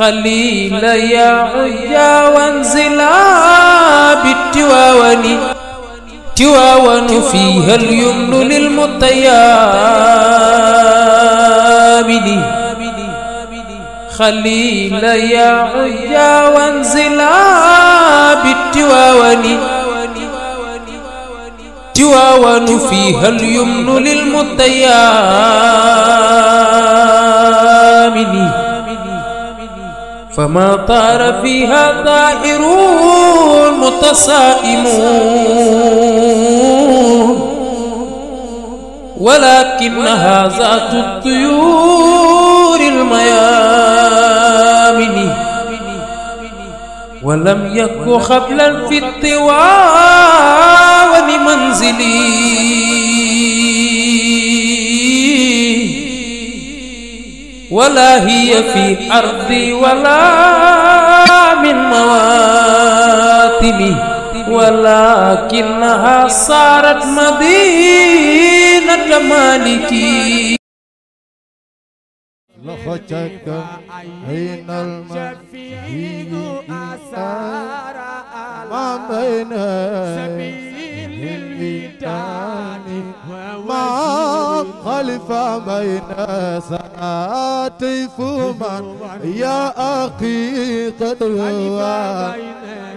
خليل يا عيا وانزلا بالتواون تواون فيها اليمن للمطيابد خليل يا عيا وانزلا بالتواون تواون فيها اليمن للمطيابد فما طار فيها طائر متسائم ولكنها ذات الطيور الميامن ولم يك قبل الفت ومنزلي ولا هي في أرضي ولا من مواتمي ولكنها صارت مدينة مالكي لخجك حين المسيح ما بين سبيل الودان ما خلف بين ساعتي فمن يا أخي قد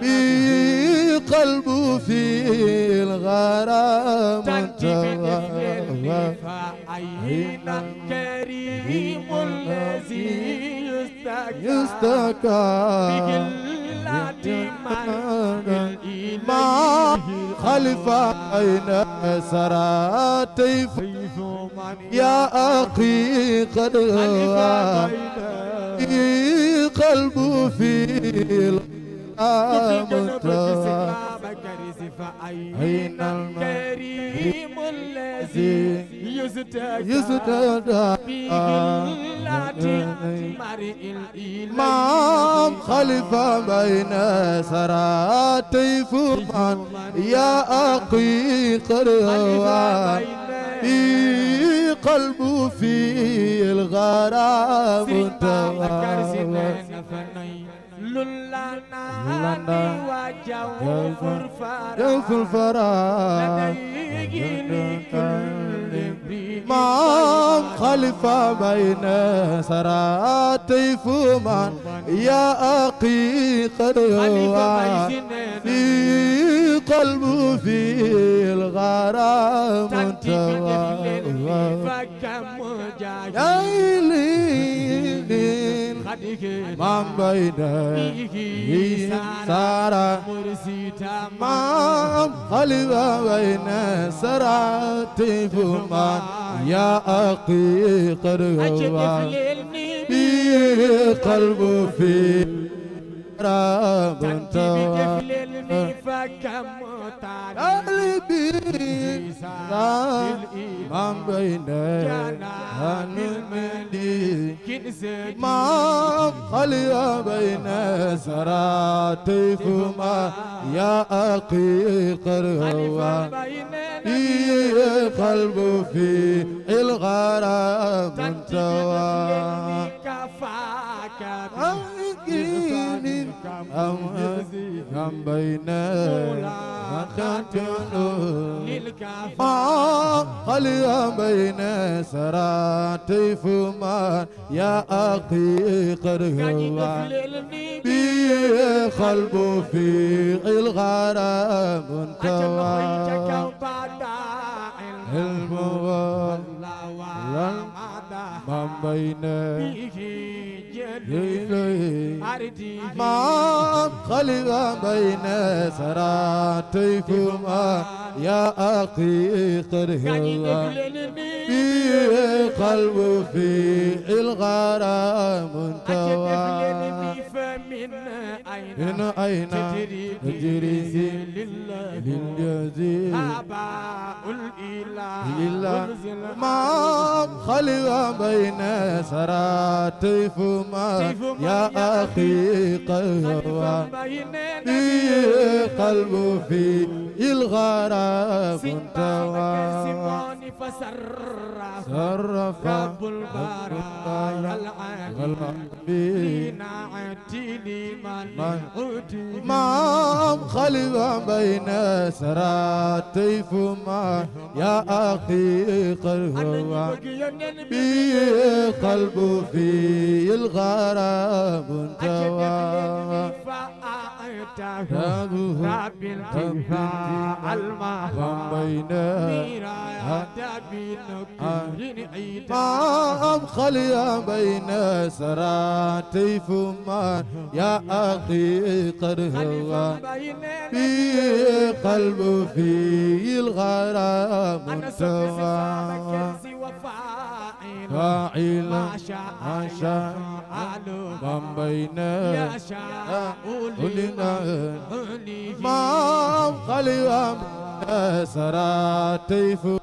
بي قلب في الغرام فأين كريم الذي يستكى ما خلف أين سرى تيف يا أخي قد غوى قلب في الأرض المتوى أين الكريم الذي يزداد مام خلفة بين سراتي فرمان يا أقي قروا قلب في الغرام تواوى لنا يغفر يغفر فرا مام خلفة بين سراتي فمان يا أخي قد في قلب في الغرام انتوى يا إلي mambayna sara mam khaliwa wayna saratifuma ya aqi qarwa bi qalbu fi رابط قلبي ما بين المدي ما خلي بين سراتيكما يا أقي قروا قلب في الغرام توا أو مسكين أو هم بين خاتم هل يا بين سراتي فمان يا أخي قرهوان بي قلب في الغرام انتوان الموال ما بين ما خلق بين سراتيكما يا أخي قرهوا في قلب في الغرام منتوى من أين تجري للجزيل آباء الإله ما خلق بين سراتيفما يا أخي قهوة قلب في الغراب انتوى سرف رب البرايا العالمين maam xalifa mbay na saraat tayfu ma ya axi qal huwa bi qalbu fi al gharab tawa أرتاح رب الجفاء المهضمينا ميرايا بنكر عيدا خليا بين سراتي فما يا أخي قد هوى في قلب في الغرام سوى فاعل ما شاء maam bay na ulina maam xaliwaam na saraa tayfu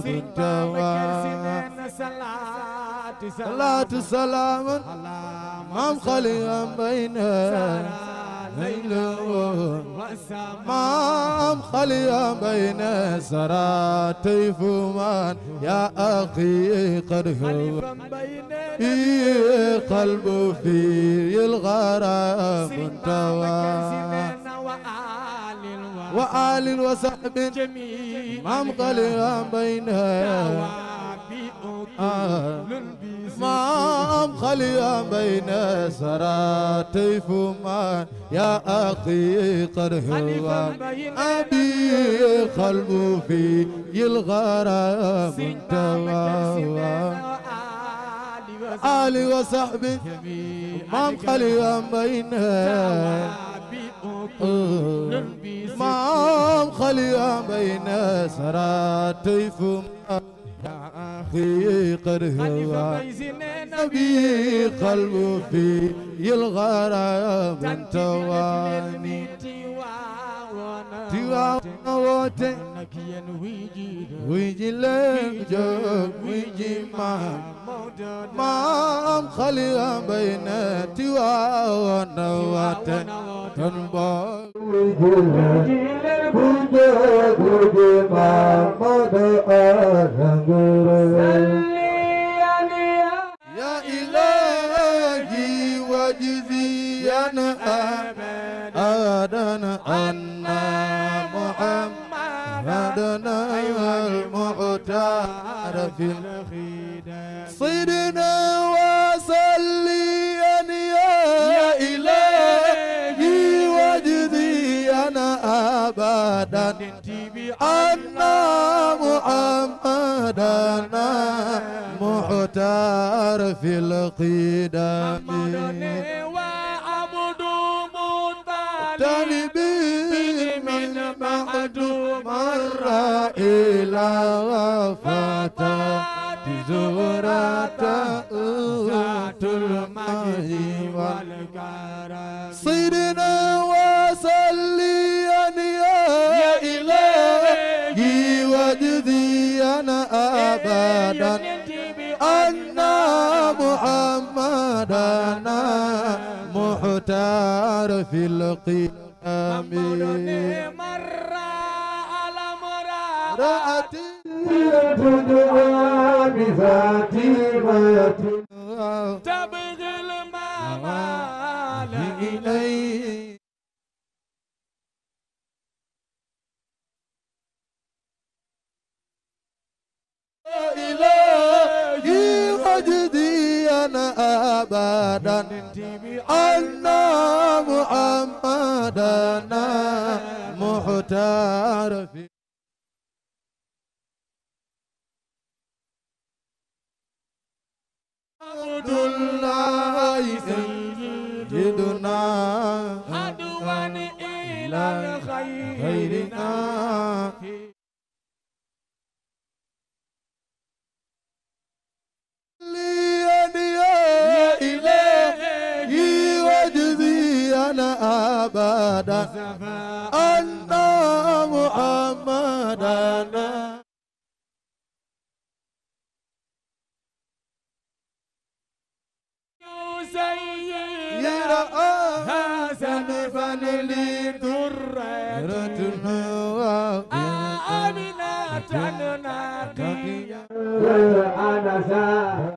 salaatu salaam maam xali am bayna laylo maam xali am bayna saratay fuman ya akhi qad huwa bi qalbu fi al gharam tawa وآل وصحب مام قليلا بينها مام خليا بين سراتيف ما يا أخي قد هو أبي قلب في الغرام تواوى آل وصحبه مام خليا بينها maam xaliya mbay na saratay fum أخي قد هوى نبي قلبه في الغرام من تواني تواونا وتواونا leen wuy ji wuy ji leen jóg wuy ji maam maam xaliwa mbay na tiwaawoon na waate ton bool wuy ji leen wuy jóg wuy ji maam moo de arangure يا إلهي وجزيا أبدا أن سيدنا المختار في الخدام صدنا وصليا يا إلهي وجدي أنا أبدا أن محمدا المختار في القدام بعد مر إلى الفتى بزورة ذات المجد والكرم صرنا وصليا يا إلهي واجزيا أبدا أن محمدنا مختار في القيام آمين مرة على مرأة تدعى بفاتمة تبغي المال إليه محمدا أن محمدا مختار في عبد الله سيدنا عدوا إلى خيرنا ليدي كان أبدا أن محمدا حسن فللي درتنا أمنا تننا أنا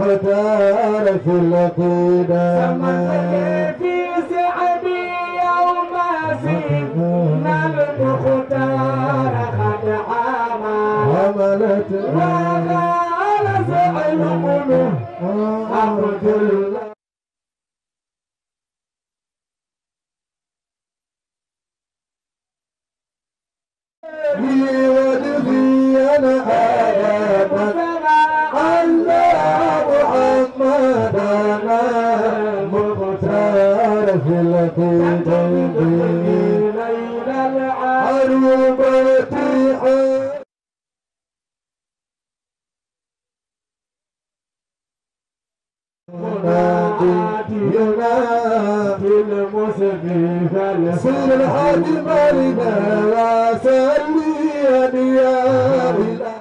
ختار كل قدامى في سعدي يوم سيدنا المختار قد عمى حملت وقال سعد قلوب أقتل أجمعنا وسلم يا إله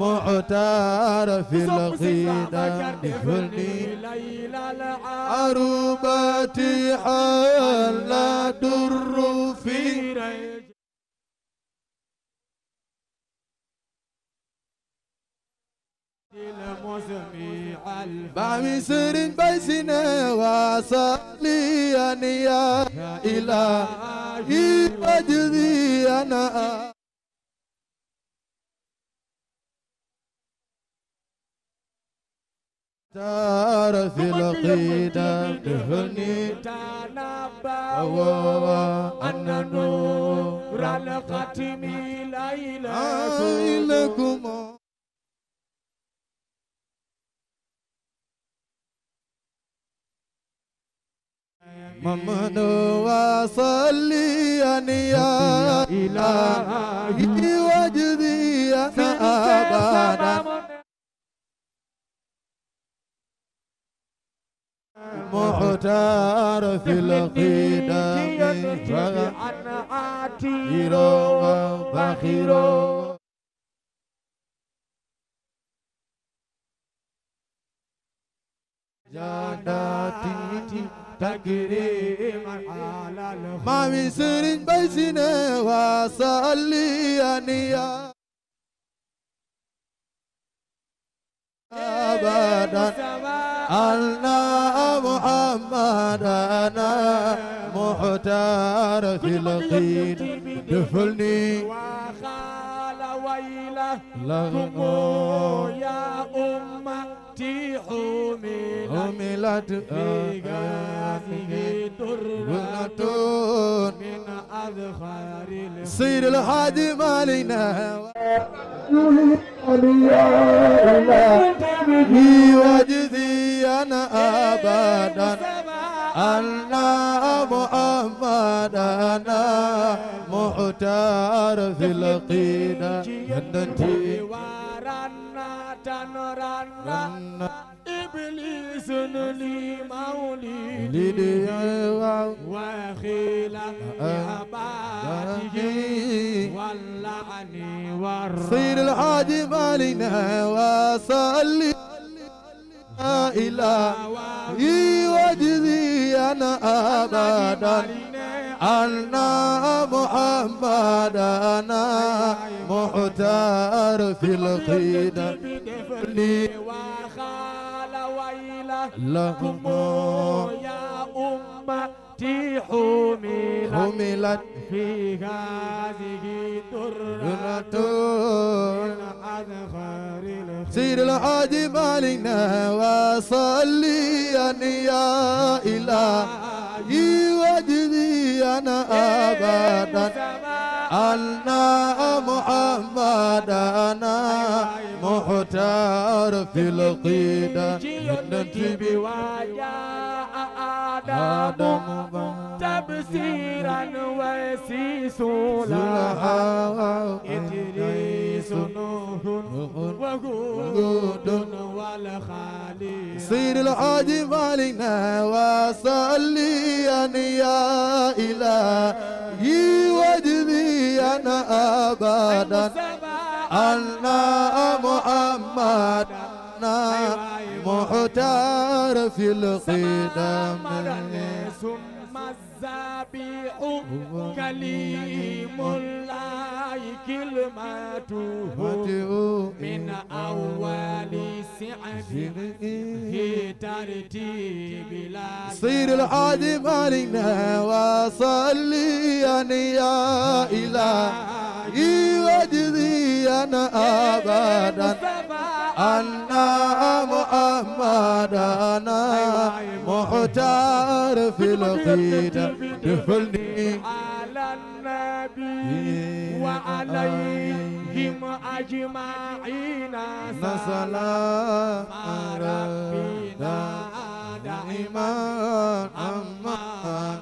معتار في الغنى حلي عروبتي حي baami sëriñ bay si ne waasaaliyani yaa ilaa i wajibiyana تار في القيدة دهني تنبا أن نور الختم لا إله إلا ممن وصلي يا إلهي وجدي أنا أبدا مختار في القدم عتير وبخير جناتي تكريما على الخلق ما من سر بيسنا وصلي أنيا أبدا ألنا محمدنا محتار في القيد دفلني وخال ويله لغمو يا أمه التي حملت حملت بغازه تربة من أذخار سير الحادي مالنا في وجدي أنا أبدا أنا محمدنا محتار في القينا جنتي ran ran ran iblis nu li mawlidi وخيل عباده واللعن والرب سيد الحاج مالنا وصلي إلى يوجدي أنا أبدا أنا محمد أنا محتار في القيد لي وخال ويلا لهم يا أمتي حملت حملت في هذه درة عن خير سير الحاج مالنا وصلي يا إلهي وجدي أنا أبدا أن محمدنا مختار في القيدة ننتبه وجاء آدم تبصيرا وسيسولا إدريس نوح وهود والخالي سير الحاج مالنا وصلي يا إلهي واجبي لنا أبدا أنا محمد مختار في القدم الذبيح كليم الله كلمته من أول سعد في ترتيب صير العظيم علينا وصلي يا إلهي واجزي أنا أبدا أنا محمدنا محتار في القيدة دفلني على النبي وعليهم أجمعين صلاة ربنا دائما أما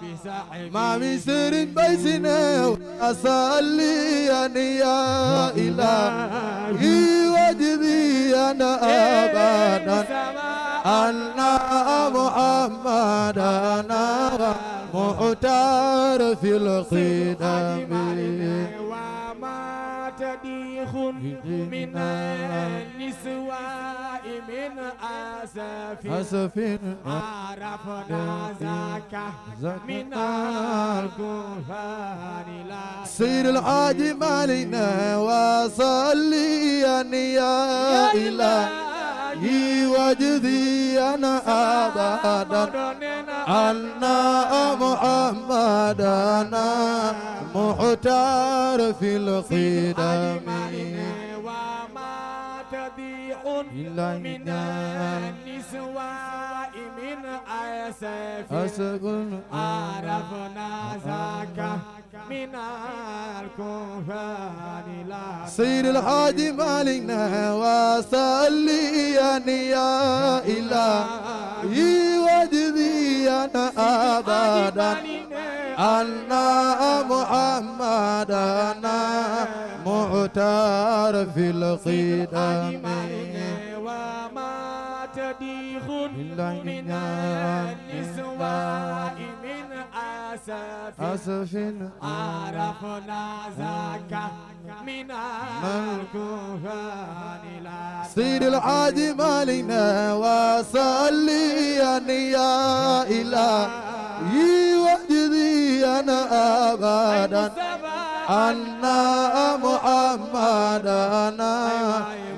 ما بسر بيسنا أصلي يا إلهي وجدي أنا أبدا أن محمدنا مؤتار في القدم وما تديخ من النسواء من أسف أسف عرفنا ذاك من الكفار لا سير العاج مالنا وصلي يا إله به وجدي أنا أبدا أن محمدنا محتار في القدم وما تضيع من النسوان من أسف أسكن عرفنا ذاك من الكفان لا سير الحادي مالنا وصلي يا إله يوجدي أنا أبدا أنا محمدنا معتار في القدم وما تديخ من النسوان أسف أسف عرفنا ذاك من الكهان لا سيد العادم علينا وصلي يا إلهي واجزي أنا أبدا أنا محمدنا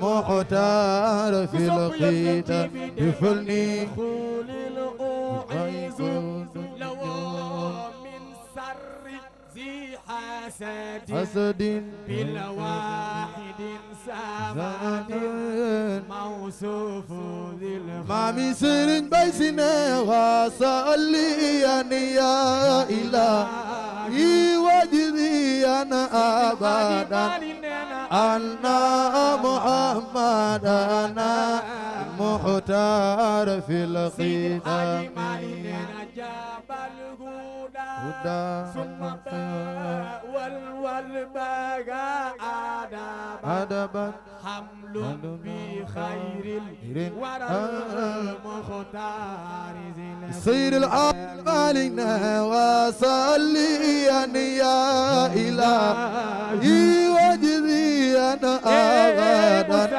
مختار في القيد بفلني خول الأعيز حسد بالواحد سامد موصوف ذي مامي سرين بيسنا وصلي يا إله وجدي أنا أبدا أنا محمد أنا محتار في الخدمة الهدى ثم الداء والبغاء أدبا حمل بخير الورى المختار سير الأولين وصليا يا إلهي واجزي أنا أبدا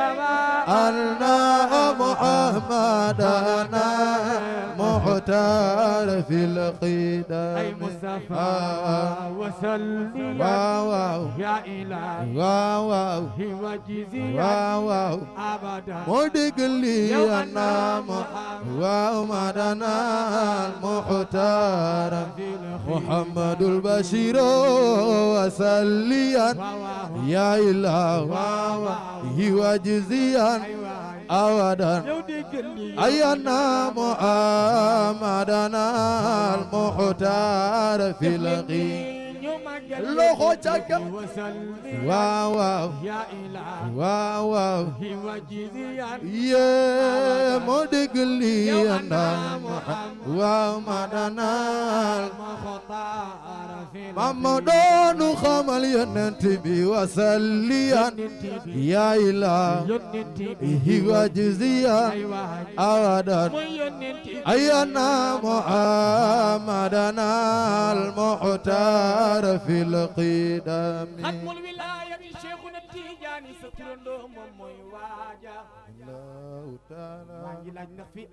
أن محمدنا اختار في القيدة أي مصطفى آه وسلم واو واو يا إله واو واو هو جزية واو واو أبدا مدق لي أنا واو مدنا المختار محمد البشير وسليا يا إله واو هو جزيا أبدا أينا محمدنا المختار في الغيب loxo ca kam waaw waaw waaw waaw yee moo dégg lii yanda waaw madanaal mama doonu xamal yonent bi wasalliyan ya ilah bihi wajziyan awadan ayana muhammadan al muhtar fil qidami xatmul wilaya bi fi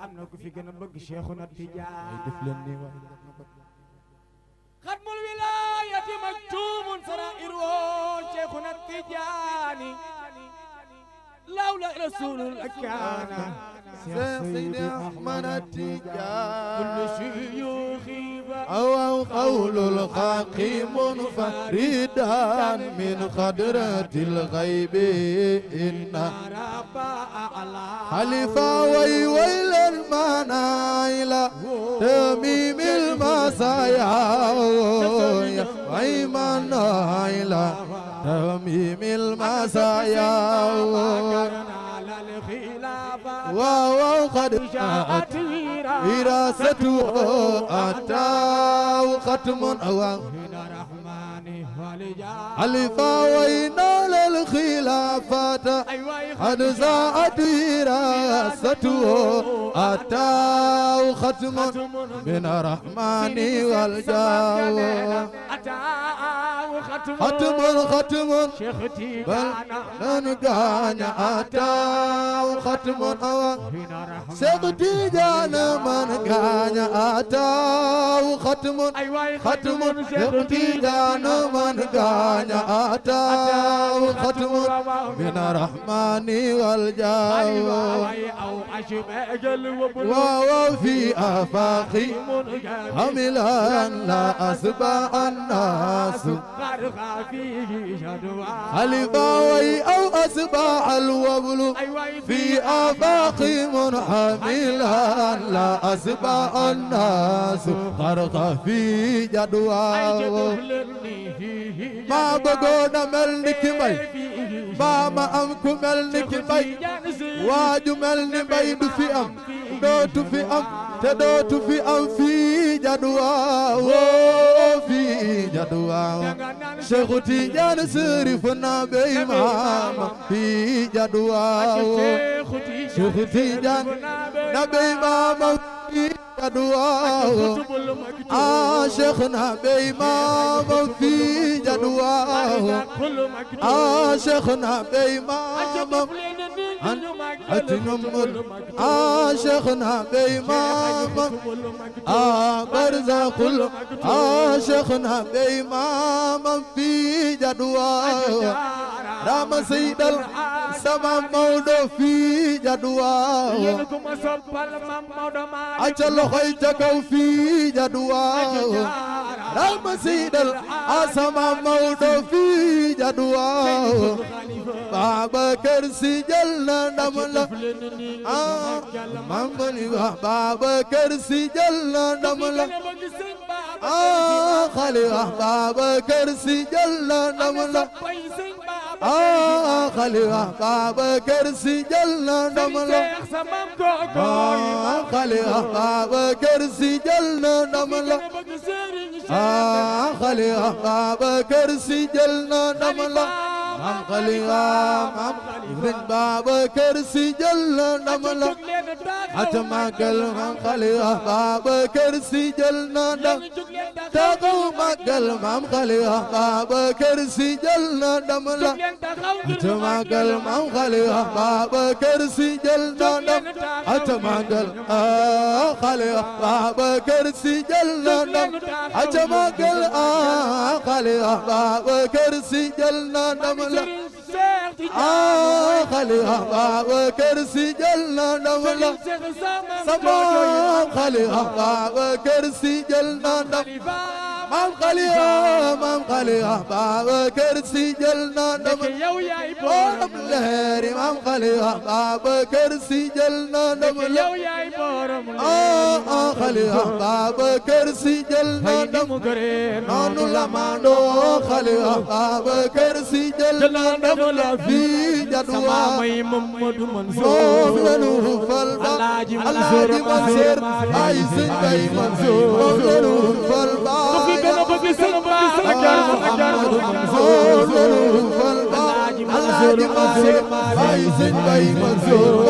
am na ku gën a ختم الولاية مكتوم سرائره شيخنا التجاني لولا رسول كان سيدي أحمد التجار كل شيوخي أو قول الخلق منفردا من خدرة الغيب إن رب أعلى خليفة وي ويل المنايل تميم المسايا ويمن نايلة تهميم المسايا وقد جاءت وراثته أتى ختم أواه حلفا وإنا للخلافة قد زاءت وراثته أتاه ختم من الرحمن والجاه ختم ختم بل ننقان أتاه ختم سقتي جانا من كان أتاه ختم ختم سقتي جانا من دعا أتاه من الرحمن والجاه وفي آفاقي حملا لا أسبع الناس ألباوي أو أسبع الوبل في آفاقي منحملا لا أسبع الناس خرق في جدواه ما بقونا ملك مي mbaa ma am ku mel ni ki mbay waaju mel ni mbay du fi am dootu fi am te dootu fi am fii jaduwaa woo fii jaduwaa Cheikhu Tidiane Serif na bey maama fii jaduwaa جدواه عاشقنا بإمام في جدواه عاشقنا بإمام أتنمل عاشقنا بإمام برزق عاشقنا بإمام في جدواه رام سيد السما مولو في جدواه أجل loxoy ca kaw fii jadwaaw dal ma siidal asama mawdo fii jadwaaw Babacar Si jël na ndam la ah mambali wa Babacar Si jël na ndam la ah xali wa Babacar Si jël na ndam la ah xali wa Babacar Si jël na ndam la ah xali wa Babacar Si jël na ndam la ah xale Babacar Si jël na ndam la maam Khalifa maam Serigne Babacar Sy jël ndam la at màggal maam Khalifa Babacar Sy jël na ndam taxaw màggal maam Khalifa Babacar Sy jël na ndam la at màggal maam Khalifa Babacar Sy jël na ndam at màggal ah Khalifa Babacar Sy jël na ndam at màggal ah Khalifa Babacar Sy jël na ndam la ah xale Ababacar Sy jël na ndam la sama xale Ababacar Sy jël na ndam maam xale maam xale Ababacar Sy jël na ndam borom leeri maam xale Ababacar Sy jël na ndam la ah xale Ababacar Sy jël na ndam noonu la ma doo xale Ababacar Sy jël na ndam la fi jadwa sama may Mamadou Mansour moom la nu fal ba Alaaji Mansour ay sëñ bay Mansour moom la nu fal ba a ay sëñ bay Mansour moom la nu fal ba ay sëñ bay Mansour moom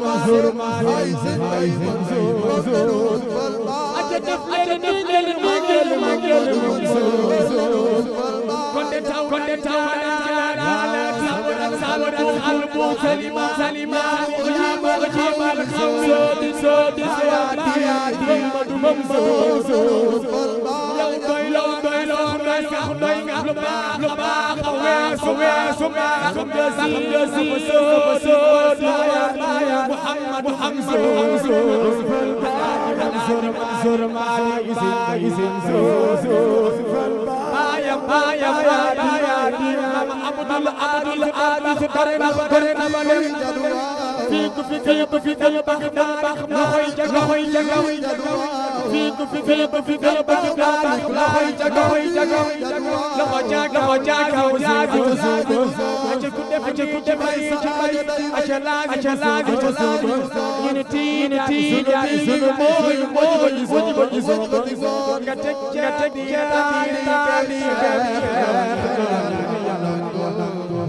Mansour ay sëñ ay Mansour Mansour aca def leen nii leen màggal màggal Mansour kon de taw kon de taw na jaara ala sabran sabran albu salima salima ojima ojima alxawlo di so di so ya di ya di Mansour Mansour doy nga doy nga lu baax lu baax a weesu weesu baax xam nga si soo soo daaya daaya Muhammad Muhammad Mansour Malick Sy Sine soo soo baayam baayam daaya di mam Abdul Adil Adil bare na bare na ma leen fii ku fi fii ku fi dem bax bax loxoy jagaw loxoy jagaw fi ku fi fi ku fi fi ku fi loxoy jagaw jagaw loxo jag loxo jag kaw jag ko suubu aca ku def aca ku def ay sa ay aca laag aca laag aca suubu unity unity yaay sunu mooy mooy sunu ko ci sunu ko nga teg nga teg jaani taani ga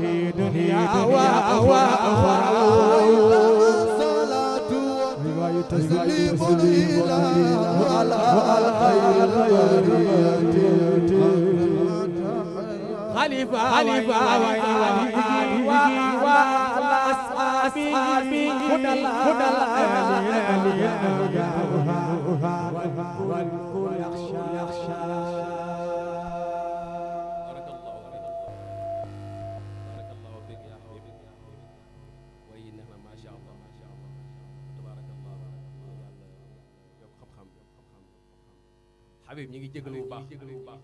dunia wa wa wa تسليم الإله على الخير خليفة خليفة وعلى أصحابي هدى الله والكل يخشى يخشى ñu ngi jégalu bu baax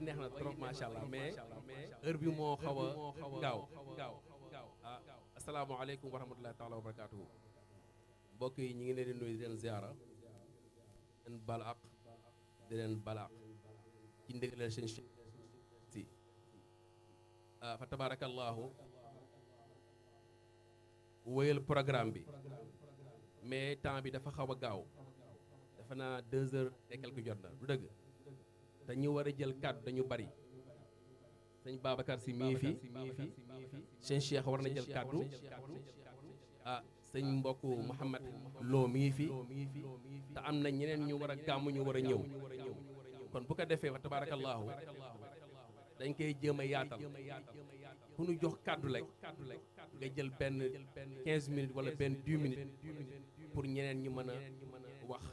neex na trop macha allah mais heure bi moo xaw a gaaw gaaw ah asalaamaaleykum yi ñu ngi leen di nuyu di leen ah, fa tabarakallahu wéyal programme bi mais temps bi dafa xaw a gaaw defe naa deux heures et quelques jot na du dëgg te ñu war a jël kàddu dañu bari sëñ Babacar si mii fi sëñ Cheikh war na jël kàddu ah sëñ mbokk Mouhamed Lo mii fi te am na ñeneen ñu war a gàmm ñu war a ñëw kon bu ko defee wa tabaarakallaahu dañ koy jéem a yaatal fu ñu jox kàddu rek nga jël benn 15 minutes wala benn 10 minutes pour ñeneen ñu mën a wax.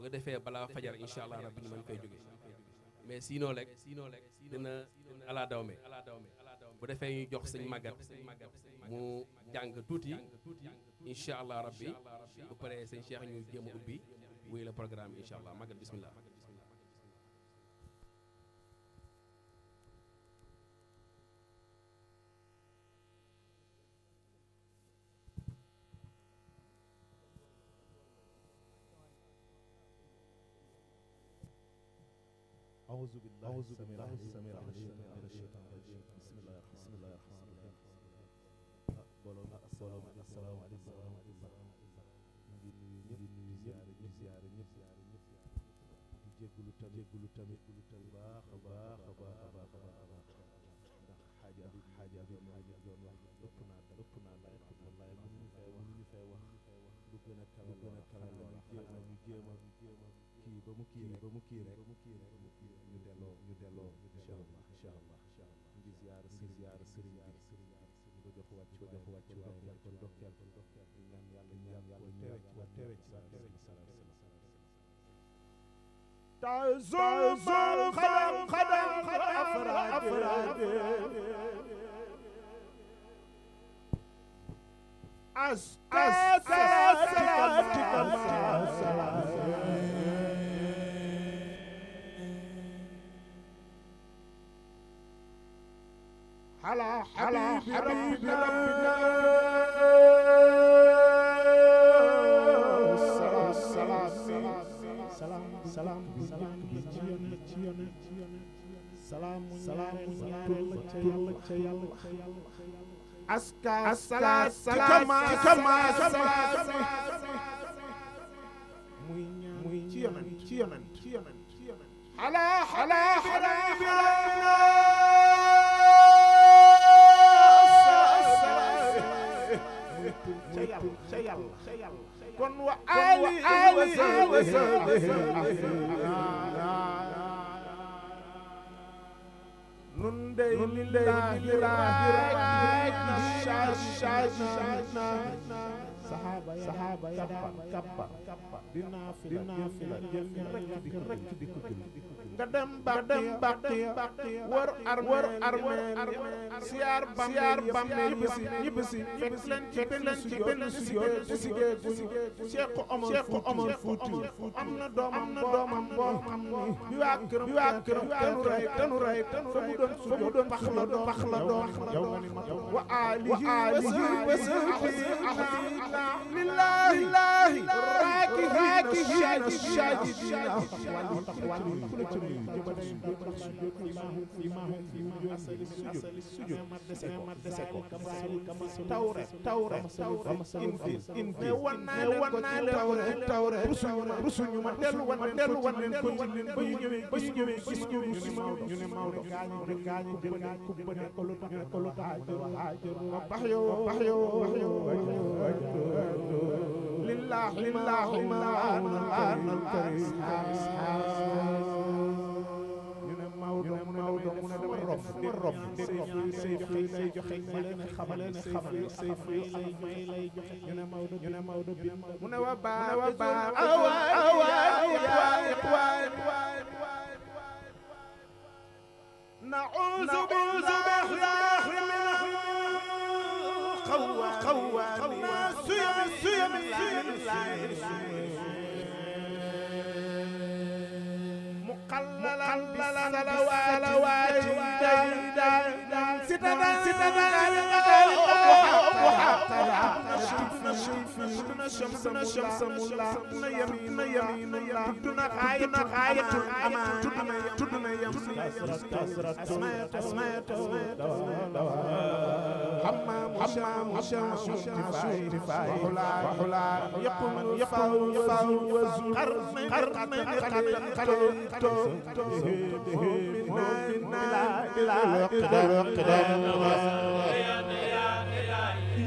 bu ko defee balaa fajar incha allah rabbi ñu mën koy jóge mais sinon rek dina ala dawme bu defee ñu jox sëñ màggat mu jàng tuuti incha allah rabbi bu paree sëñ cheikh ñu jéem a ubbi wuy la programme incha allah màggat bismillah أعوذ بالله أعوذ بالله السميع العليم من الشيطان الرجيم بسم الله الرحمن بسم الله الرحمن الرحيم بولونا السلام عليكم السلام عليكم السلام عليكم ñu ziyaare ñëpp ziyaare ñëpp ziyaare ñëpp di jéggulu tamit jéggulu tamit lu tamit baax a baax a baax a baax a baax ndax xaaja bi xaaja bi maa ngi doon wax ëpp naa da ëpp naa lay xam wallaay lu ñu fay wax lu ñu fay wax lu gën a kawe lu gën a kawe la ñu jéem a ñu jéem a kii ba mu kii ba mu kii rek ba mu kii rek delloo incha allah incha allah incha allah ngi ziyaara sëriñ ziyaara sëriñ bi di ko jox wàcc ko jox wàcc waaye kon ndokkeel kon ndokkeel di ñaan yàlla ñaan yàlla teewe ci waa teewe ci saa teewe ci salaam salaam تزوم خدم خدم أفراد أفراد أستاذ أستاذ أستاذ على حبيب ربنا السلام السلام السلام سلام سلام سلام سلام سلام أسكى أسكى سلام كما كما على على على kon wa aalihi wa sahbihi nun dey lillaahi raaj na saxaaba ya saxaaba ya daan kàppa kàppa di naafila naafila jël rekk di ko rekk di ko julli nga dem bàq dem bàq ya war ar war armeel siyaar bam siyaar bam ñibbisi ñibbisi fekk leen ci benn ci benn su yooyu bu sigee bu sigee Cheikh Omar Cheikh Omar Fuuti am na doomam am na doomam boo xam ni bi waa këram bi waa këram tanu rey tanu rey tanu rey fa mu doon pax la doon pax la doon wa aalihi wa sahbihi لله راكي راكي شاكي شاكي تورة تورة تورة انفيل انفيل وانا وانا تورة تورة رسول رسول يوم دلو وانا دلو وانا كنت بيو بيو بيو ñu ne Maodo gaañu ne gaañu jël nañ ko ba ne ko lu tax ko lu tax a jël a jël wax yow wax yow wax yow لله لله مولانا الكريم نعوذ بالله salawaatu day si شمسنا شمسنا مولا يمين يمين تدنا آية آية أمان تدنا تدنا يمين أسماء أسماء حمام حمام شمس دفاعي دفاعي وحلا يقول يقول يقول وزور قرن قرن قرن قرن قرن قرن قرن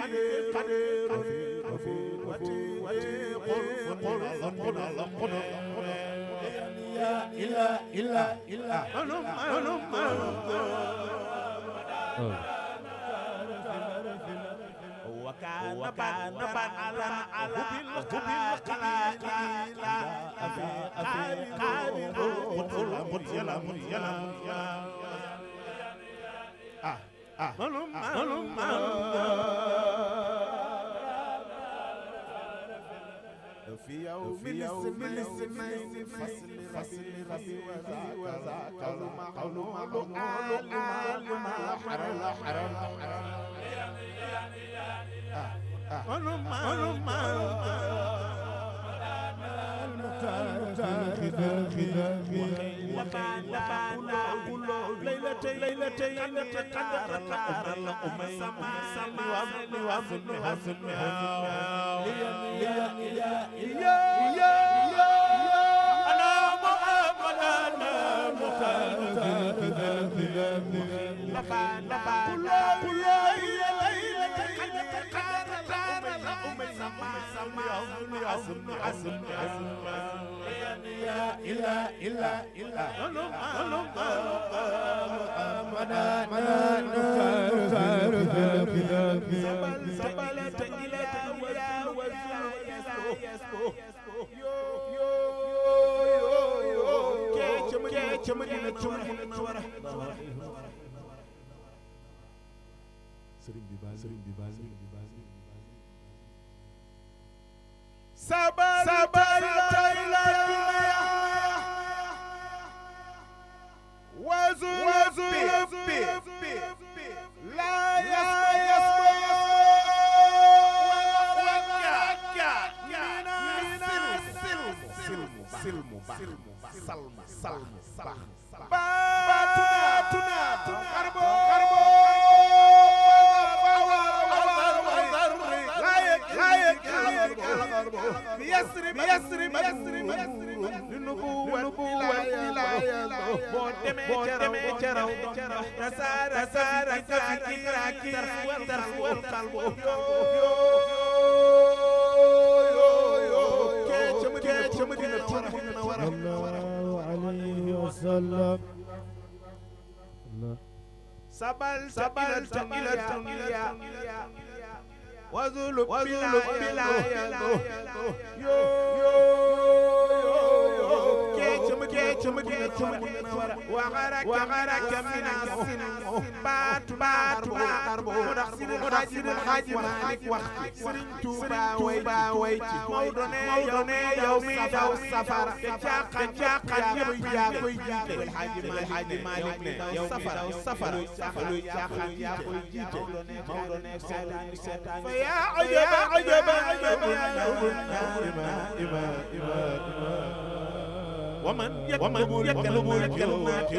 وكان بان على على بالخلاق لا أبي أبي قال قال يلا يلا يلا manum manum manum في يوم في يوم فصل فصل فصل وذاك قول ما قول ما قول ما حرل حرل حرل منم منم خذ خذ خذ يا يا يا sëriñ bi baal sëriñ bi baal sabal sabal Salma, Salma, Salma, Salma. Ba, tuna, tuna, tuna. Arbo. sabal sabal wazulu bila ya وغرك وغرك من السنة بات بات بات مدخسر الحاج الحاج مالك وخي سرين توبا ويبا ويتي مودوني يومي يومي دو السفر كتاقا كتاقا يبيا كويجي والحاج مالك مالك دو السفر السفر كتاقا يا كويجي مودوني سيدان سيدان فيا عجبا عجبا عجبا إما إما إما إما ومن يقلب اليمنى في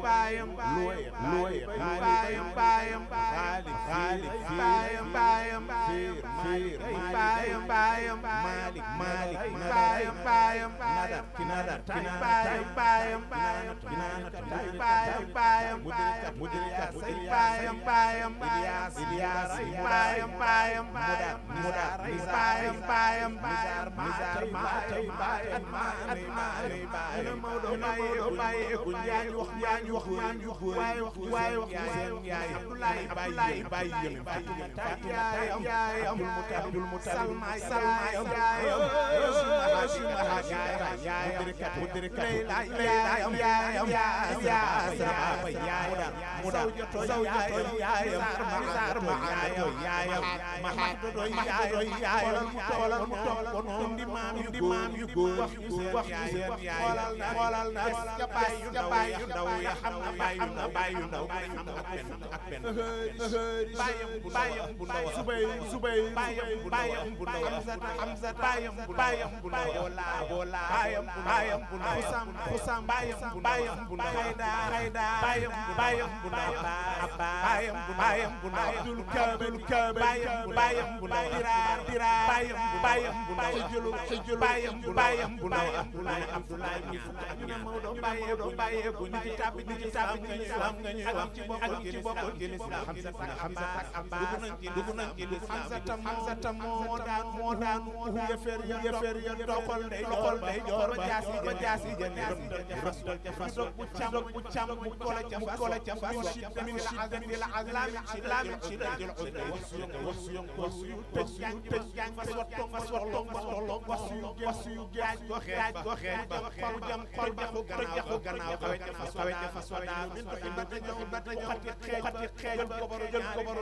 bayam bayam bayam bayam bayam bayam bayam bayam bayam bayam bayam malik malik bayam bayam bayam kinada kinada bayam bayam bayam bayam bayam mudirika mudirika bayam bayam ilyas ilyas bayam bayam bayam muda bayam bayam bayam mizar mizar bayam bayam bayam bayam mawdo bayam bayam kunjani wax ngi wax maa ngi wax waaye wax waaye wax yaay Abdoulaye Abdoulaye bàyyi yële bàyyi yële yaay amul mu tax amul mu tax salmaay salmaay yaay amul yaay amul yaay muda zawjatoy yaayam sarma atoy yaayam mahatoy yaayam xoolal mu topp indi maam indi maam yu góor wax yu seen xoolal na xoolal na ca baay yu ndaw yu ndaw ya xam na baay yu ndaw baay yu ndaw am ak benn ak benn baayam bu baayam bu ndaw subay subay baayam bu baayam bu ndaw amzat amzat baayam bu baayam bu ndaw bola bola baayam baayam bu ndaw sam sam baayam bu baayam bu ndaw hayda hayda baayam baayam bu bayam bu bayam bu ndaw abdul kabel kabel bayam bayam bu ndaw dirar dirar bayam bayam bu ndaw xijulu xijulu bayam bayam bu ndaw abdoulaye abdoulaye ñu fukk ak ñaar mawdo baye bu baye bu ñu ci tab ñu ci tab ñu islam nga ñu ak ci bokk ci bokk ci islam hamza tak hamza tak abbas dugg nañ ci hamza tam hamza tam moo daan moo daan hu yefer yefer ya dokol day lokol day jor ba jaasi ba jaasi jëne rasul jafa bu cam bu cam bu kola ca fas المرشد المرشد من العظام العظام الشداد العذر وسيق وسيق وسيق تجان تجان فسوتون فسوتون فسوتون وسيق وسيق جاج وخيج وخيج فرجم قلب خجنا خجنا قويت فسويت فسودا من تحبت تحبت قد خيج قد خيج الكبر الكبر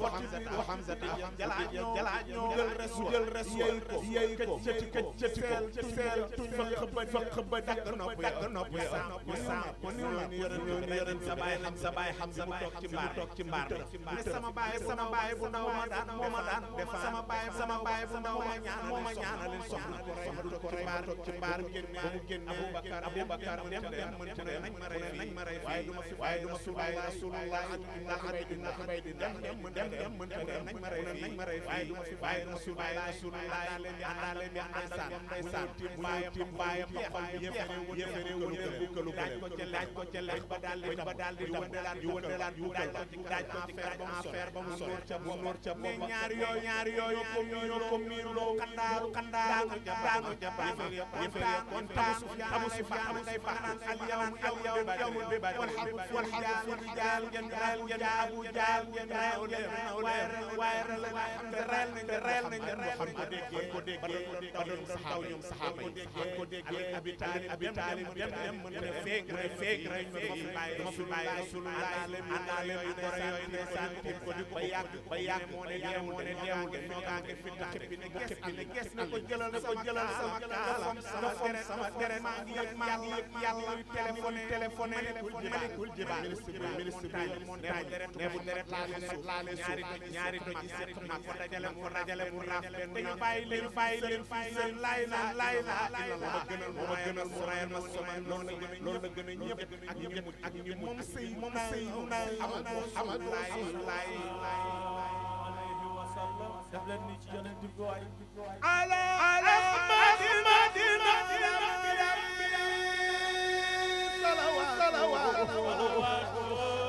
وحمزة وحمزة جلعة جلعة جل رسول جل رسول ييكو كتشتي كتشتي كتشتي فخبت فخبت دك نوب دك نوب يسام يسام كوني ونيرن ونيرن سبا baay xam sa baay xam sa baay ci mbaar toog ci mbaar ne sama baay sama baay bu ndaw ma daan moo ma daan defar sama baay sama baay bu ndaw ma ñaanal moo ma ñaanal soxna ko rey ma ko rey ma toog ci mbaar bi bu génne Aboubacar Aboubacar dem dem mënte ne nañ ma rey nañ ma rey waaye duma fi waaye duma fi waaye rasulullah inna abidina abidina dem dem dem mënte ne nañ ma rey nañ ma rey waaye duma fi waaye duma fi waaye rasulullah leen àndaale leen ndeysaan ndeysaan tim baayam tim baayam xol bi yëpp yëpp réew wëndeel bu këlu laaj ko ca laaj ko ca laaj ba daal ba daal yu wëndelaan yu wëndelaan yu daaj daaj ko ci daaj enfer ba mu sori ca bu noor ca boobu mais ñaar yooyu ñaar yooyu ko miiroo ko miiroo kandaaru kandaaru daanu jabaanu yëfër kon tamu tamu su fa tamu day fa al yawm al yawm yawmul bi bari wal xabu wal xabu fu jaal ngeen jaal ngeen abu jaal ngeen naaw leen waaye ren waaye ren la reel nañ reel nañ xam ko déggee ko déggee ba doon saxaaba ñoom saxaaba yi xam ko déggee abi taalib abi taalib dem dem mën na feeg rek feeg rek dama fi bàyyi rasulullah ana leen encore yooyu santim ko di ko yàgg ba yàgg moo ne deewul de deewul de ñoo gaa ngi fi tax xippi ni xippi ni gis ngi yëg maa ngi yëg yàlla yu téléphoné téléphoné malikul jibaal ministre bi ministre bi ne bu deret laale suuf laale suuf ñaari doj yi seq ma ko dajale mu dajale mu raaf benn dañu leen bàyyi leen fii seen laay naa laay naa laay ma gënal ma gënal mu rayal ma sama loolu la gën a ñëpp ak ñu mujj sëy mu sëy mu naan amal laay laay alayhi wa sallam daf leen ni ci yonent bi waay ala ahmadina salawaat salawaat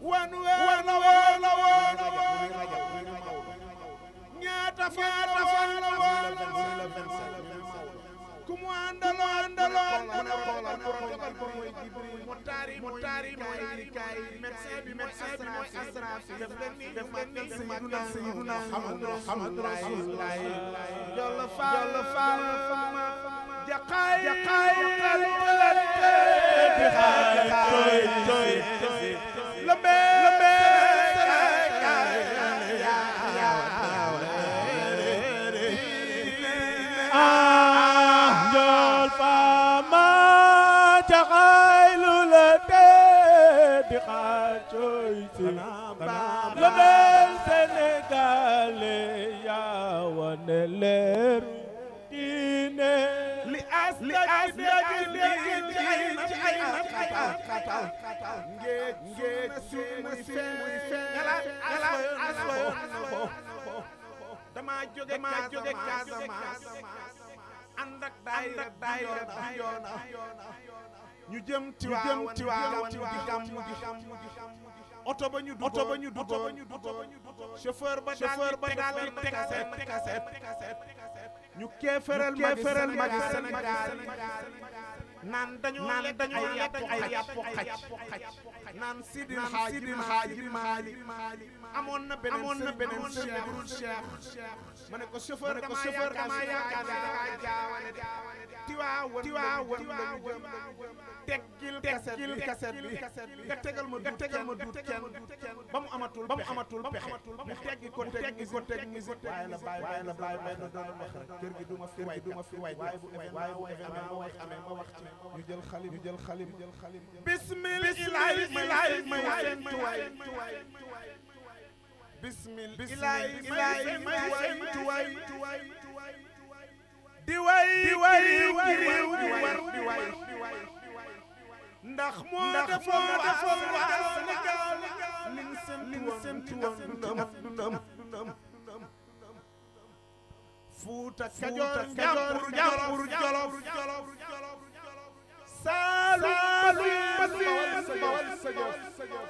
wan weena weena weena ñaata fan la fan la ku mu àndalo àndalo mu taari mu taari kaay kaay médecin bi médecin bi mooy asraaf def leen nii def leen nii sayyiduna sayyiduna Muhammad Rasulullah jalla faal faal ma jaqaay jaqaay ale yaa wane leeru diine li as li as li as ci ay maqata ngeeg ngeeg suuna suuna ngalaat as wa dama jóge maa jóge Casamance ànd ak daayira bi yoona ñu jëm Tiwaawan di gàmmu gi oto ba ñu duggoon oto ba ñu duggoon chauffeur ba daal di teg kaset ñu keeferal keeferal magi naan dañoo lekk ay yàpp xaj naan sidil sidil amoon na beneen sëriñ ma ne ko chauffeur ne ko chauffeur dama yaakaar ne jaawale tiwaawoon tiwaawoon la ñu jëm teggil teggil kaset bi nga tegal ma nga tegal ma duut kenn ba mu amatul ba mu amatul pexe mu teggi ko teggi ko teggi ko waaye la bàyyi waaye la bàyyi may na doon wax rek kër gi du ma fi kër gi du ma fi waay waaye bu waaye bu amee ma wax amee ma wax ci ñu jël xalim ñu jël xalim jël xalim bismillah ilaahi may seen tuwaay bismil ilaay ilaay may saytu way di way way kiriw di war di way ndax moo defoo defoo waa Sénégal liñ séntu woon du ndam Fuuta Kajoor Njàmbur Njàmbur Jolof Saalum Saalum Bawol Bawol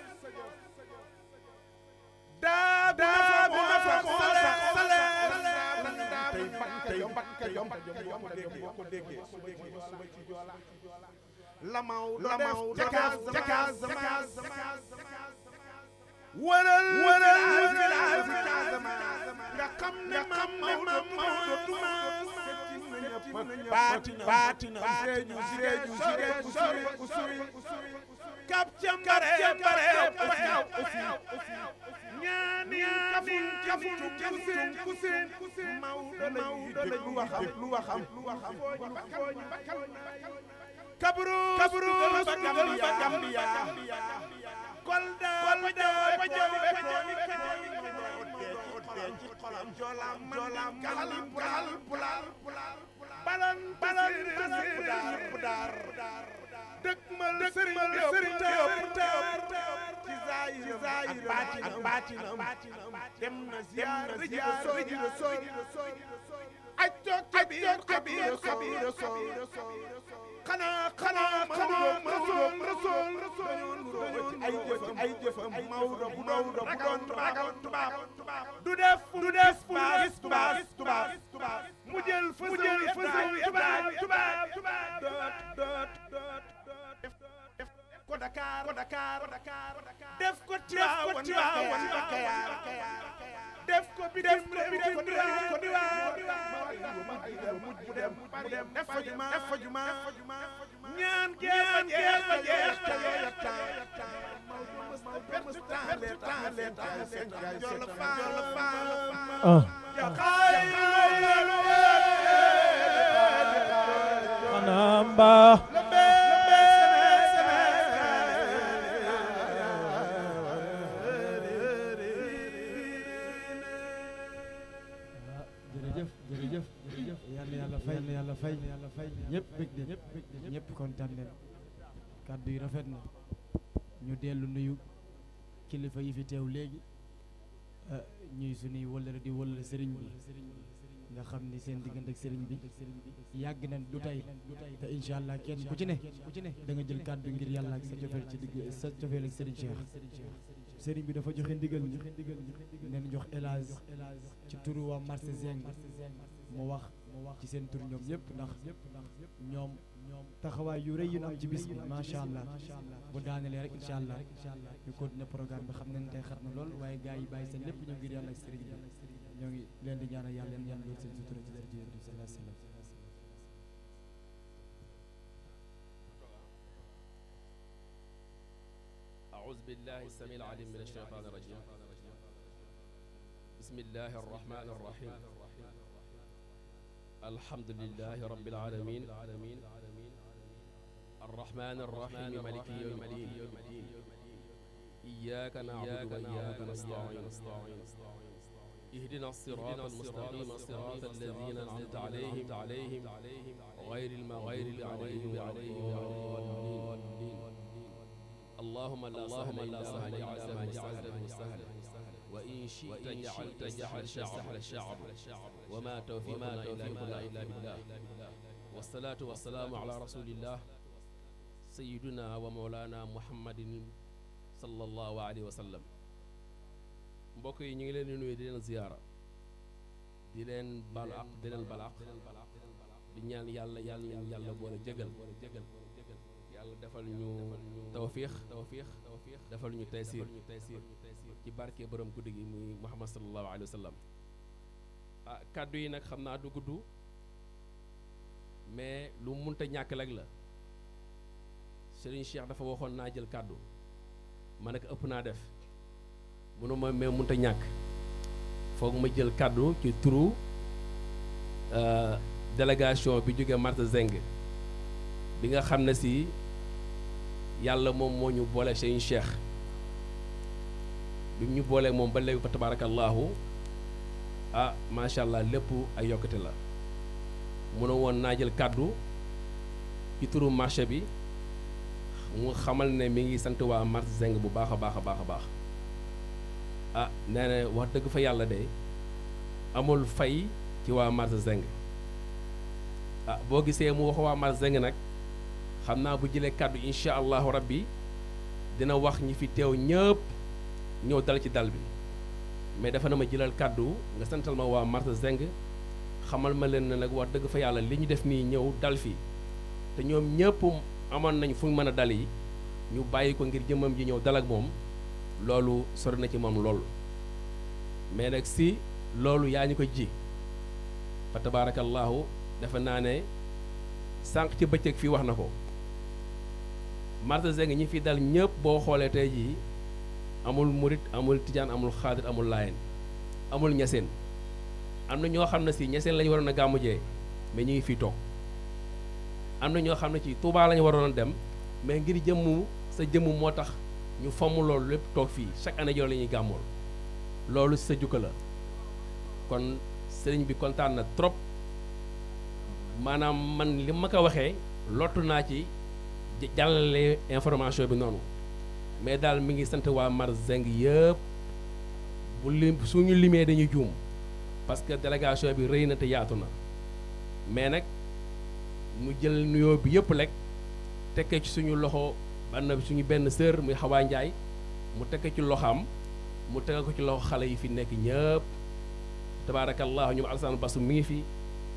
lamaw lamaw jakaas jakaas jakaas waral waral waral nga xam ne maam maam Maodo Dumas baatina baatina useeju useeju useeju usuri usuri kap cambare bare bare aussi aussi kafutu kuseen kuseen Maodo lañuy déglu waxam lu waxam lu waxam kabruus kabruus dugal ba Gambia Kolda Kolda ba jaw ba jaw ba jaw ba dëgmal sëriñ bi sëriñ Diop ci zaayiram ak baatinam dem na ziar ji rasool aj toog ca biir ca biir rasool xanaa xanaa xanaa rasool rasool dañoo ci ay jëfam ay jëfam Maodo bu Maodo bu doon ragal tubaab du def du def pour gis tubaab tubaab mu jël fësal tubaab tubaab doot doot doot ko Dakar ko Dakar ko Dakar def ko Tiwaawan Tiwaawan Bakayaar def ko bitim réew ko Tiwaawan ko Tiwaawan mu dem mu dem def fa juma def fa juma ñaan geen geen ba jeex ta leer ta perte temps les temps les temps seen jol fa jol fa ja xaay Namba jërëjëf jërëjëf yal yàlla fay na yàlla fay na yàlla fay ñëpp bég de ñëpp bég de ñëpp kàddu yi rafet na ñu dellu nuyu kilifa yi fi teew léegi euh, ñuy suñuy wëllëre di wëllëre sëriñ bi nga xam ni seen diggante ak sëriñ bi yàgg nañ du tey te incha allah kenn ku ci ne ku ci ne da nga jël kàddu ngir yàlla ak sa cofeel ci digg sa cofeel ak sëriñ Cheikh sëriñ bi dafa joxe ndigal ñu ngeen jox élage ci turu waa marché Zeng mu wax ci seen tur ñoom ñëpp ndax ñoom taxawaay yu rëy yu am ci bis bi macha allah bu daanelee rek incha allah ñu continuer programme bi xam nañ tey xat na lool waaye gars yi bàyyi seen lépp ñu ngir yàlla ak sëriñ bi ñoo ngi leen di ñaanal yàlla leen yàlla loolu seen sutura ci dara jërëjëf أعوذ بالله السميع العليم من الشيطان الرجيم بسم الله الرحمن الرحيم الحمد لله رب العالمين الرحمن الرحيم ملك يوم الدين إياك نعبد وإياك نستعين اهدنا الصراط المستقيم صراط الذين أنعمت عليهم عليهم غير المغير عليهم عليهم اللهم لا سهل إلا ما جعلته سهلا وإن شئت جعلت السهل سهلا وما توفيقنا إلا بالله والصلاة والسلام على رسول الله سيدنا ومولانا محمد صلى الله عليه وسلم mbokk yi ñu ngi leen di nuyu di leen ziyaara di leen baal àq di leen baal àq di ñaan yàlla yàlla yàlla boole jégal yàlla defal ñu tawfiix tawfiix tawfiix defal ñu taysir ci barke borom guddi gi muy Muhammad sallallahu alayhi wa sallam ah kàddu yi nag xam naa du gudd mais lu munta ñàkk lag la Serigne Cheikh dafa waxoon naa jël kàddu ma ne ëpp naa def mënuma mais munta ñàkk foog ma jël kàddu ci turu euh, délégation bi jóge Marthe Zeng bi nga xam ne si yàlla moom moo ñu boole seen cheikh bi ñu boolee moom ba léegi fa tabaarakallaahu ah macha allah lépp ay yokkute la mëna woon naa jël kàddu ci turu marché bi mu xamal ne mi ngi sant waa marché Zeng bu baax a baax a baax a baax ah nee na wax dëgg fa yàlla de amul fay ci waa marché Zeng ah boo gisee mu wax waa marché Zeng nag. xam naa bu jilee kàddu incha allahu rabbi dina wax ñi fi teew ñëpp ñëw dal ci dal bi mais dafa na ma jëlal kàddu nga santal ma waa Marthe Zeng xamal ma leen ne nag wax dëgg fa yàlla li ñu def nii ñëw dal fii te ñoom ñëpp amoon nañu fu ñu mën a dal yi ñu bàyyi ko ngir jëmmam ji ñëw dal ak moom loolu sori na ci moom loolu mais nag si loolu yaa ñu ko ji fa tabaarakallaahu defe naa ne sànq ci bëccëg fii wax na ko martha zeng ñi fi dal ñëpp boo xoolee tey jii amul murit amul tijaan amul xaadir amul laayen amul ñaseen am na ñoo xam ne si ñaseen lañu ñu waroon a gàmmu jee mais ñu ngi fii toog am na ñoo xam ne si Touba la ñu waroon a dem mais ngir jëmm sa jëmm moo tax ñu fomm loolu lépp toog fii chaque année yoon la ñuy gàmmool loolu sa jukka la kon sëriñ bi kontaan na trop maanaam man li ma ko waxee lottu naa ci jàllale information bi noonu mais daal mi ngi sant waa Marzeng yëpp bu lim suñu limee dañuy juum parce que délégation bi rëy na te na mais nag mu jël nuyoo bi yëpp rek tekkee ci suñu loxo bann suñu benn sœur muy Xawaa Njaay mu tekkee ci loxoom mu tegal ko ci loxo xale yi fi nekk ñëpp tabaarakallah ñoom Alsaan Basu mi ngi fi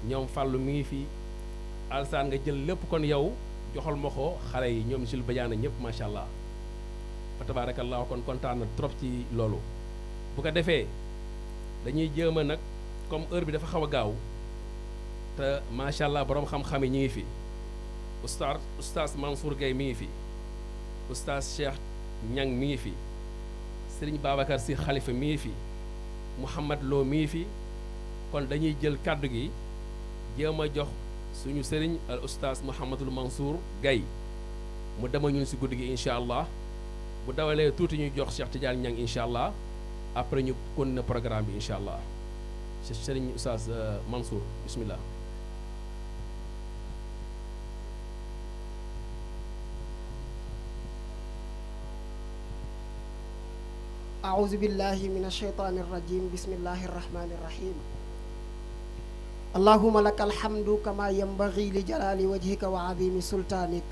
ñoom Fàllu mi ngi fi Alsaan nga jël lépp kon yow joxal ma ko xale yi ñoom Jules Badiane ñëpp macha allah fa tabaarakallaa kon kontaan na trop ci loolu. bu ko defee dañuy jéem a nag comme heure bi dafa xaw a gaaw te macha allah borom xam-xam yi ñu ngi fi oustaz oustaz Mansour Gueye mi ngi fi oustaz Cheikh Niang mi ngi fi Serigne Babacar si xalifa mi ngi fi Mouhamad loo mi ngi fi kon dañuy jël kàddu gi jéem a jox. suñu sëriñ al oustaz Mouhamadul Mansour Gaye mu demal ñun si guddi gi incha allah bu dawalee tuuti ñu jox Cheikh Tidiane Niang incha allah après ñu continuer programme bi incha allah sëriñ oustaz euh, Mansour bismillah. أعوذ بالله من الشيطان الرجيم بسم الله الرحمن الرحيم allahuma laka alhamdu kama yambagi li jalaali wajhika wa azimi sultaanik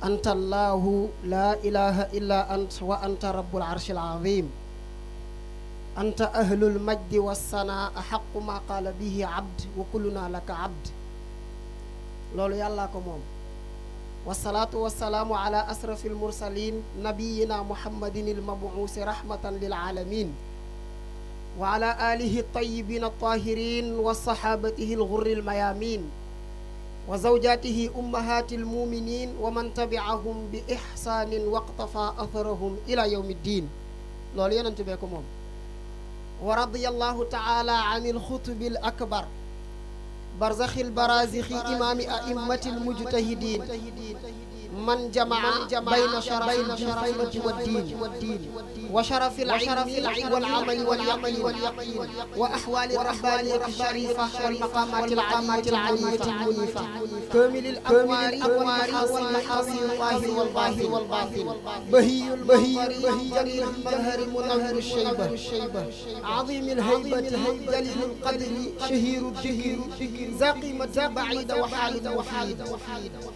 anta allahu laa ilaha illa ant wa anta rabbul arshi alazim anta ahlul majdi wassanaa axaqu maa qaala bihi abd wa kullunaa laka abd loolu yàllaa ko moom wasalaatu wasalaamu ala asrafi almursalin nabiyina muhammadin almabuusi rahmatan lil alamin wa ala alihi tayyibin altahirin wa sahabatihi algurri almayamin wa zawjatihi ummahati almuminin wa man tabiahum bi ihsanin waqtafa atharahum ila yawmi ddin loolu yonent bee ko moom wa radiyallahu taala an alxutubi al akbar barzaxi albarazixi imami a'immati almujtahidin man jamaa bayna sharafil fiqhi wa diin wa sharafil ilmi wal amali wal yaqiin wa ahwaali rabbaaniyati shariifa wal maqaamaati al aliyyati muniifa كامل الأقوار والمحاصي الظاهر والظاهر والباطن بهي البهي البهي جليل المنهر منور الشيبة عظيم الهيبة جليل القدر شهير الجهير زاقمة بعيد وحالد وحيد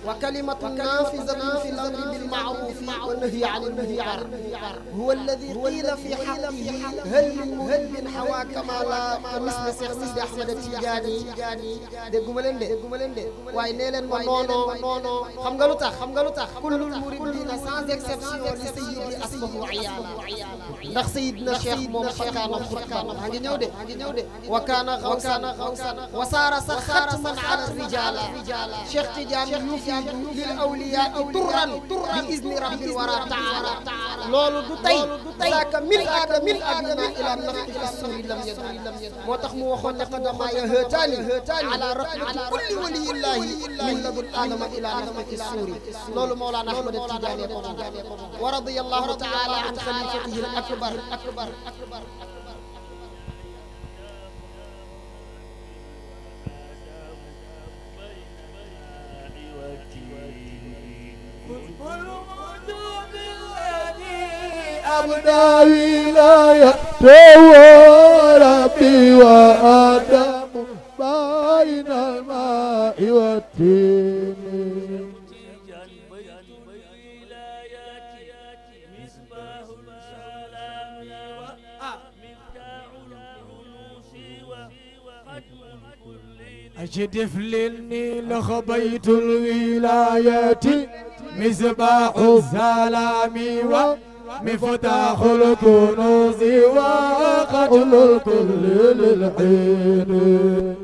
وكلمة نافذة في الأمر بالمعروف والنهي عن المنكر هو الذي قيل في حقه هل من هل من حوا كما لا مثل شيخ سيدي أحمد التجاني dégguma leen de waaye nee dee leen ma noonoo noonoo xam nga lu tax xam nga lu tax kullul muridina sans exception li sayyidi asbahu iyaala ndax sayyidna cheikh moom chekaana xurkaana maa ngi ñëw de maa ngi ñëw de wa kaana xawsan wasaara sa xatman ala rijaala cheikh tidiane yufi lil awliyaa turran bi izni rabbil wara taala loolu du tey daaka min aada min aadana ila nafti fi suuri lam yed moo tax mu waxoon ne qadama ya hëtaani ala raqbi kulli waliyillahi min ladun aadama ila nafati suuri loolu Mawlana Ahmad Tijaani ko moom wa radiyallahu taala an xalifatihi al akbar akbar أبدا ولاية تورى بي وآدم بين الماء والتين أجدف لني لخبيت الولاية مصباح السلام ومفتاح الكنوز وقتل الكل للحين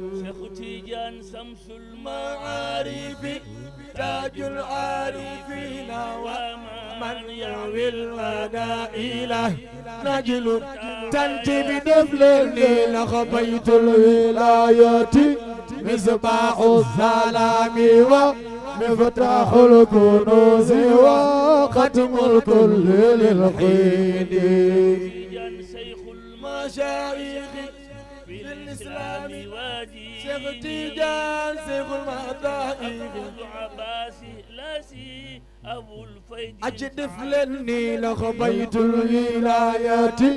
تاج العارفين ومن يروي الغداء إله نجل تنتي بدفل لخ بيت الولاية مصباح السلام ومفتاح الكنوز وختم الكل للخير شيخ المشايخ بالإسلام وادي Cheikh Tidiane Cheikhul Madaahib Abasi lasi abul faydi aji def leen nii la ko baytul wilayati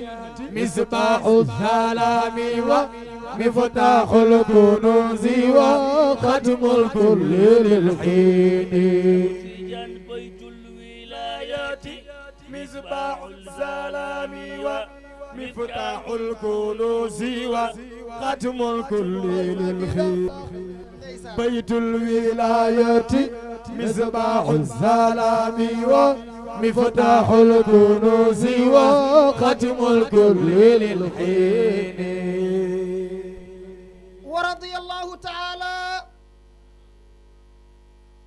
misbaahu salaami wa miftaaxul kunuuzi wa xatmul kulli lil xiini مصباح السلام ومفتاح الكنوز خاتم الكل للخير بيت الولاية مصباح السلام ومفتاح الكنوز وختم الكل للحين ورضي الله تعالى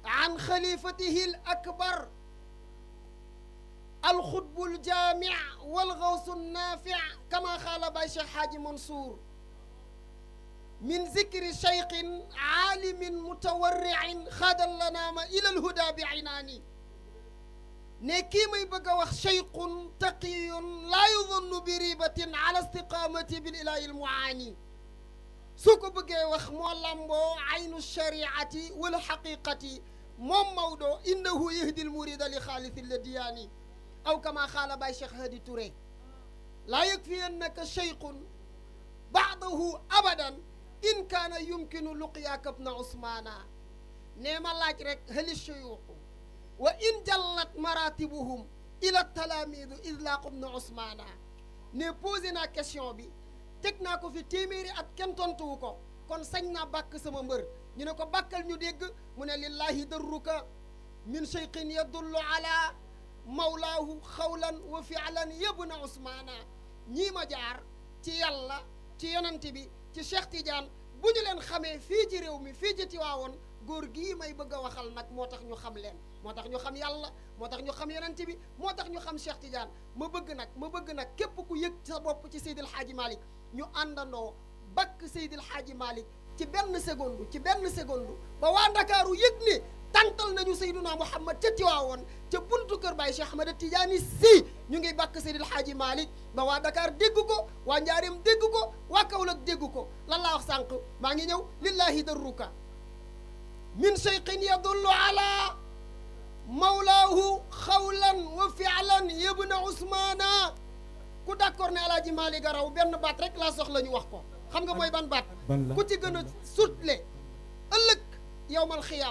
عن خليفته الأكبر الخطب الجامع والغوث النافع كما قال بايش الحاج منصور min zikri cheikhin aalimin mutawarriin xaadal lanaama ilal huda bi aynaani ne kii may bëgg a wax cheikhun taqiyun laa yuzannu bi ribatin ala istiqaamati bil ilaahi l muaani su ko bëggee wax moo lamboo aynu shariati wal xaqiqati moom Maodo innahu yahdi l murida li xaalisi la diyaani aw kama xaala baay Cheikh Hadi Touré laa yakfiyannaka cheikhun baadahu abadan in kaana yumkinu luqyaaka bna usmaana nee ma laaj rek hali shuyuuxu wa in jallat maratibuhum ila talaamidu idlaaqu bna usmaana ne posé naa question bi teg naa ko fi téeméeri at kenn ko kon sañ naa bàkk sama mbër ñu ne ko bàkkal ñu dégg mu ne lillahi darruka min cheykhin yadullu ala mawlaahu xawlan wa fialan yabna usmaana ñii ma jaar ci yàlla ci yonante bi ci Cheikh Tidiane bu ñu leen xamee fii ci réew mi fii ci Tiwaawoon góor gii may bëgg a waxal nag moo tax ñu xam leen moo tax ñu xam yàlla moo tax ñu xam yonent bi moo tax ñu xam Cheikh Tidiane ma bëgg nag ma bëgg nag képp ku yëg sa bopp ci Seydil Hadji malik ñu àndandoo bakk Seydil Hadji Malick ci benn seconde ci benn seconde ba waa Ndakaaru yëg ni tàntal nañu Seydina Mouhamed ca Tiwaawoon ca buntu kër Baye Cheikh Ahmed Tidiane si ñu ngi bàkk Seydil Hadji Malick ba waa Dakar dégg ko waa Njaareem dégg ko waa Kaolack dégg ko lan laa wax sànq maa ngi ñëw lillahi darruka min cheyqin yadullu ala mawlaahu xawlan wa fialan yabna usmaana ku d'accord ne alaaji Malick garaw benn baat rek laa soxla ñu wax ko xam nga mooy ban baat ku ci gën sutle ëllëg yowmal xiyaam